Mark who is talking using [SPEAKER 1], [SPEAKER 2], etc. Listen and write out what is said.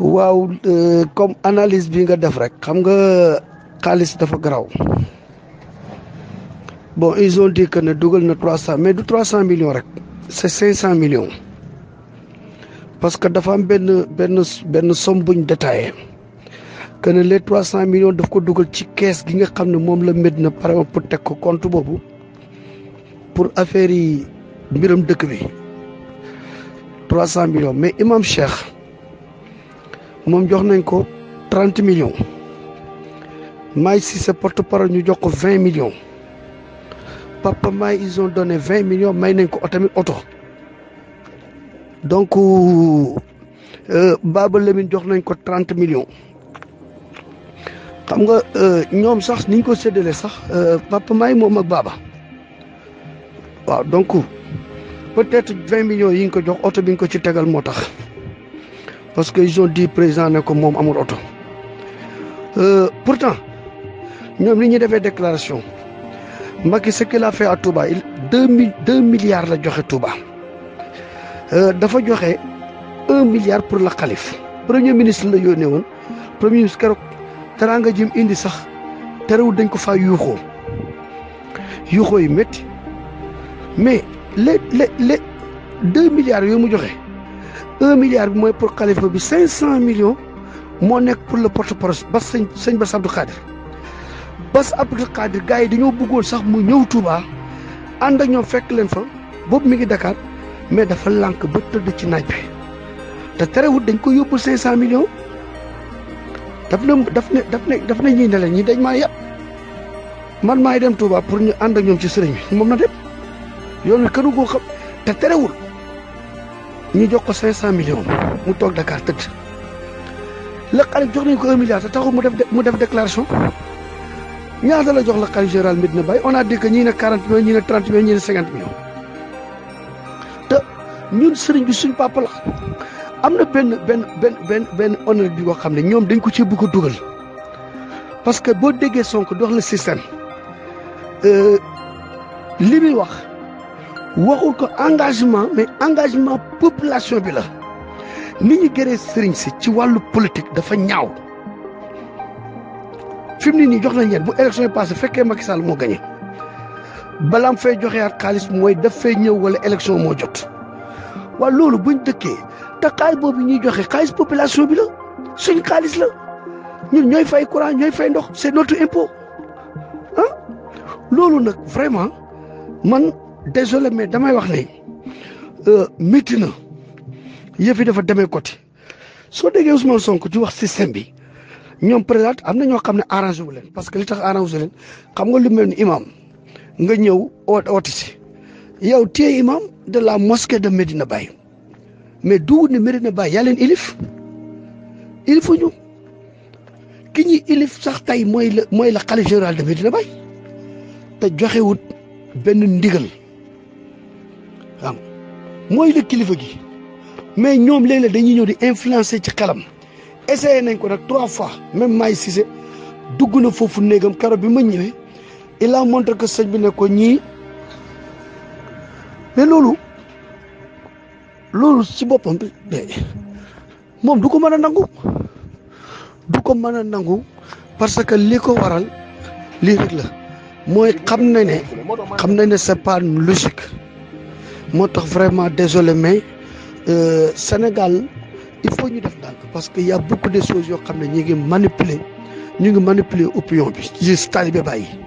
[SPEAKER 1] waaw euh, comme analyse bi nga def rek xam nga xaalis dafa garaw bon ils ont dit que ne dugal na trois cent mais du trois cent millions rek c'est cinq cent millions parce que dafa am benn benn benn somme buñ détaillé que ne les trois cent millions daf ko dugal ci kees gi nga xam ne moom la mét na par pour teg ko compte boobu pour affaire yi mbiram dëkk bi trois cent millions mais imam Cheikh mom jox 30 millions may si ce porte-parole ñu jox 20 millions papa may ils ont donné 20 millions may nañ ko tamit auto donc euh baba lamine jox 30 millions xam nga euh, ñom sax niñ ko sédélé sax euh, papa may mom ak baba waaw donc peut-être 20 millions yi ko jox auto bi ko ci parce qu'ils ont dit président comme euh, pourtant nous avons fait déclaration ce qu'il a fait à Touba il deux milliards la Touba euh, a 1 milliard pour la Le premier ministre la Yonéon. premier ministre jim mais les les les milliards 1 milliard bi mooy pour xalifa bi 500 millions moo nekk pour le porte parole ba sëñ sëñ Bass Abdou Khadir Bass Abdou Khadir gars yi dañoo bëggoon sax mu ñëw Touba ànd ak ñoom fekk leen fa boobu mi ngi Dakar mais dafa lànk ba tëdd ci naaj bi te terewut dañ ko yóbbu cinq cent millions daf na daf ne daf ne daf ne ñii ne leen ñi dañ maa yàpp man maay dem Touba pour ñu ànd ak ñoom ci sëriñ bi moom na dem yoon wi kënu xam te terewul ñu jox ko 500 millions mu toog Dakar tëdd la xalif jox nañ ko 1 milliard mu def mu def déclaration ñaata la jox la xalif général Medina Baye on a dit ñu ñii ne 40 millions ñu ne 30 millions ñii ne 50 millions te ñun sëriñ bi suñ papa am na benn benn benn benn benn honneur bi boo xam ne ñoom dañ ko ci bëgg a que boo déggee Sonko dox la système euh, li muy wax. waxul ko engagement mais engagement population bi la ni ñu c'est sëriñ si ci wàllu politique dafa ñaaw fi mu ne nii jox nañ leen bu élection yi passé fekkee Macky Sall moo gagné balaam fay joxeyaat xaalis mooy daf fay ñëw wala élection moo jot waaw loolu buñ dëkkee te xaalis boobu ñuy joxe xaalis population bi la suñ xaalis la ñun ñooy fay courant ñooy fay ndox c'est notre impôt hein loolu nag vraiment man. désolé mais damay wax ne euh, métti na yëf yi dafa demee côté soo déggee Ousmane Sonko di wax système bi ñoom président am na ñoo xam ne arrangé wu leen parce que li tax arrangé wu xam nga lu mel ni imam nga ñëw oote si yow téye imam de la mosquée de Medina Baye mais duwut ne Medina Baye yaa leen ilif ilifu ñu ki ñuy ilif sax tey mooy la mooy la xalif général de Medina Baye te joxewut benn ndigal mooy la kilifa gi mais ñoom léeg-léeg dañuy ñëw di influencer ci xelam essayé nañ ko nag trois fois même Maay Cissé dugg na foofu néegam karo bi ma ñëwee il a montré que sëñ bi ne ko ñii mais loolu loolu si boppam bi moom du ko mën a nangu du ko mën a nangu parce que li ko waral lii rek la mooy xam na ne xam na ne c'est pas logique je tax vraiment désolé mais euh, Sénégal il faut nous def parce qu'il y a beaucoup de choses qui xam ne ñu ngi manipuler ñu ngi manipuler opinion bi